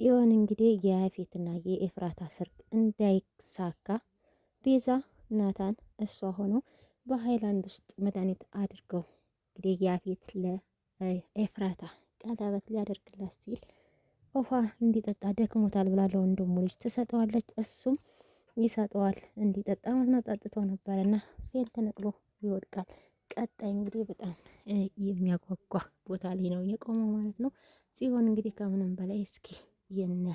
ጽዮን እንግዲህ የያፌትና የኤፍራታ ሰርግ እንዳይሳካ ቤዛ ናታን እሷ ሆኖ በሀይላንድ ውስጥ መድኃኒት አድርገው እንግዲህ ያፌት ለኤፍራታ ቀለበት ሊያደርግላት ሲል ውሃ እንዲጠጣ ደክሞታል ብላለው ለወንድሙ ልጅ ትሰጠዋለች። እሱም ይሰጠዋል እንዲጠጣ ማለት ነው። ጠጥተው ነበረና ፌን ተነቅሎ ይወድቃል። ቀጣይ እንግዲህ በጣም የሚያጓጓ ቦታ ላይ ነው የቆመው ማለት ነው። ጽዮን እንግዲህ ከምንም በላይ እስኪ የነ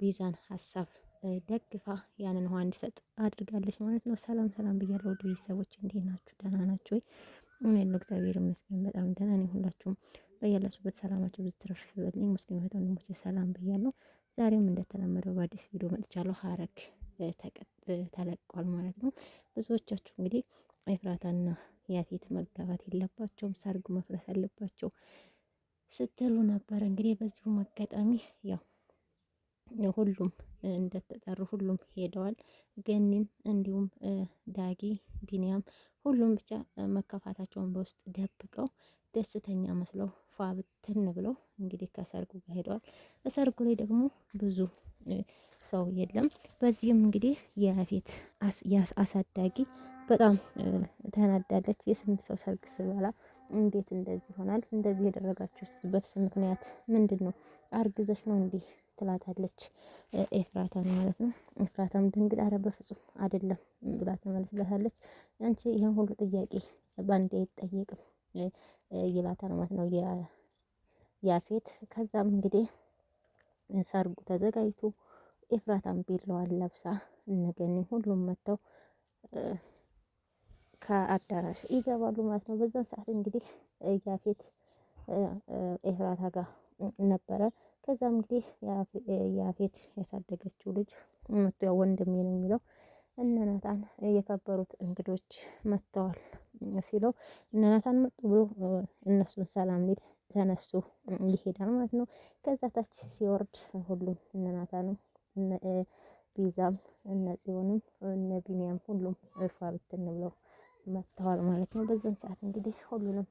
ቤዛን ሀሳብ ደግፋ ያንን ውሃ እንዲሰጥ አድርጋለች ማለት ነው። ሰላም ሰላም ብያለሁ ውድ ቤተሰቦች፣ እንዴት ናችሁ? ደህና ናችሁ ወይ? ያለው እግዚአብሔር ይመስገን በጣም ደህና ነኝ። ሁላችሁም በያላችሁበት ሰላማችሁ ብዙ ትረፍ ይበልኝ። ሙስሊም እህት ወንድሞቼ ሰላም ብያለሁ። ዛሬም እንደተለመደው በአዲስ ቪዲዮ መጥቻለሁ። ሀረግ ተለቋል ማለት ነው። ብዙዎቻችሁ እንግዲህ ኤፍራታና ያፌት መጋባት የለባቸውም ሰርጉ መፍረስ አለባቸው ስትሉ ነበር። እንግዲህ በዚሁም አጋጣሚ ያው ሁሉም እንደተጠሩ ሁሉም ሄደዋል። ገኒም እንዲሁም ዳጊ፣ ቢንያም ሁሉም ብቻ መከፋታቸውን በውስጥ ደብቀው ደስተኛ መስለው ፏብትን ብለው እንግዲህ ከሰርጉ ጋር ሄደዋል። ሰርጉ ላይ ደግሞ ብዙ ሰው የለም። በዚህም እንግዲህ የፊት አሳዳጊ በጣም ተናዳለች። የስንት ሰው ሰርግ ስበላ እንዴት እንደዚህ ይሆናል? እንደዚህ የደረጋችሁበት ምክንያት ምንድን ነው? አርግዘሽ ነው እንዲህ ትላታለች ኤፍራታን ማለት ነው። ኤፍራታም ድንግጥ አረ በፍጹም አይደለም ብላ ትመልስላታለች። አንቺ ይህን ሁሉ ጥያቄ በአንዴ አይጠየቅም ይላታል ማለት ነው ያፌት። ከዛም እንግዲህ ሰርጉ ተዘጋጅቶ ኤፍራታም ቢለዋን ለብሳ እነገኒ ሁሉም መጥተው ከአዳራሽ ይገባሉ ማለት ነው። በዛን ሰዓት እንግዲህ ያፌት ኤፍራታ ጋር ነበረ። ከዛም እንግዲህ ያፌት ያሳደገችው ልጅ መቶ ያው ወንድሜ ነው የሚለው እነ ናታን የከበሩት እንግዶች መጥተዋል ሲለው እነ ናታን መጡ ብሎ እነሱን ሰላም ሊል ተነሱ ይሄዳል ማለት ነው። ከዛ ታች ሲወርድ ሁሉም እነ ናታንም ቢዛም እነ ጽዮንም እነ ቢኒያም ሁሉም እርፋ ብትን ብለው መጥተዋል ማለት ነው። በዛን ሰዓት እንግዲህ ሁሉንም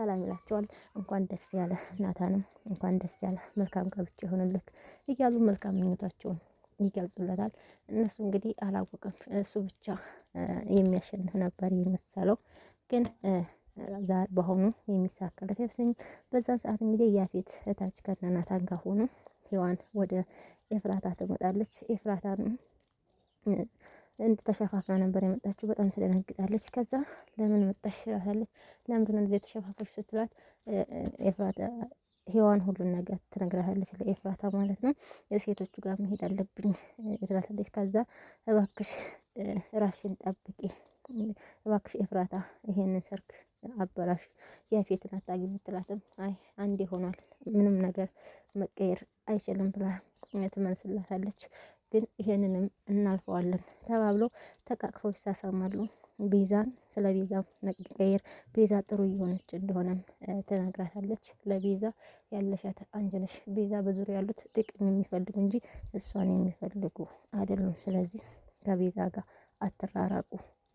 ሰላም ይላቸዋል። እንኳን ደስ ያለ ናታንም እንኳን ደስ ያለ መልካም ጋብቻ ይሆንልክ እያሉ መልካም ምኞታቸውን ይገልጹለታል። እነሱ እንግዲህ አላወቅም እሱ ብቻ የሚያሸንፍ ነበር የመሰለው ግን ዛሬ በአሁኑ የሚሳካለት አይመስለኝም። በዛን ሰዓት እንግዲህ ያፌት እታች ከነናታን ጋር ሆኖ ሔዋን ወደ ኤፍራታ ትመጣለች። ኤፍራታንም እንድ ተሸፋፍና ነበር የመጣችው። በጣም ትደነግጣለች። ከዛ ለምን መጣሽ ትላታለች። ለምንድን ነው እንደዚህ የተሸፋፈች ስትላት ኤፍራታ ሔዋን ሁሉን ነገር ትነግራታለች። ለኤፍራታ ማለት ነው። የሴቶቹ ጋር መሄድ አለብኝ ትላታለች። ከዛ እባክሽ ራሽን ጠብቂ እባክሽ ኤፍራታ ይሄንን ሰርግ አበላሽ የፊትን አታግቢ ትላትም አይ አንዴ ሆኗል ምንም ነገር መቀየር አይችልም ብላ ትመስላታለች። ግን ይሄንንም እናልፈዋለን ተባብሎ ተቃቅፈው ይሳሳማሉ። ቤዛን ስለ ቤዛ መቀየር ቤዛ ጥሩ እየሆነች እንደሆነም ትነግራታለች። ለቤዛ ያለሻት አንቺ ነሽ። ቤዛ በዙሪያ ያሉት ጥቅም የሚፈልጉ እንጂ እሷን የሚፈልጉ አይደሉም። ስለዚህ ከቤዛ ጋር አትራራቁ።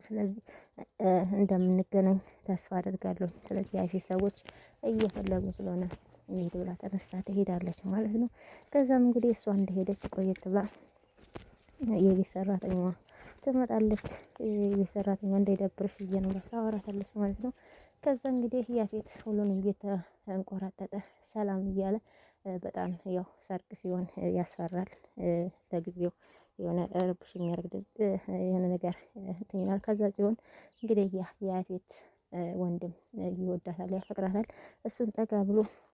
ስለዚህ እንደምንገናኝ ተስፋ አደርጋለሁ። ስለዚህ ያሺ ሰዎች እየፈለጉ ስለሆነ እንሂድ ብላ ተነስታ ትሄዳለች ማለት ነው። ከዛም እንግዲህ እሷ እንደሄደች ቆየት ብላ የቤት ሰራተኛዋ ትመጣለች። የቤት ሰራተኛ እንዳይደብርሽ ብዬ ነው ብላ ታወራታለች ማለት ነው። ከዛ እንግዲህ ያፌት ሁሉንም እየተንቆራጠጠ ሰላም እያለ በጣም ያው ሰርግ ሲሆን ያስፈራል። ለጊዜው የሆነ ረብሽ የሚያደርግ የሆነ ነገር እንትን ይላል። ከዛ ሲሆን እንግዲህ ያ ያፌት ወንድም ይወዳታል፣ ያፈቅራታል። እሱን ጠጋ ብሎ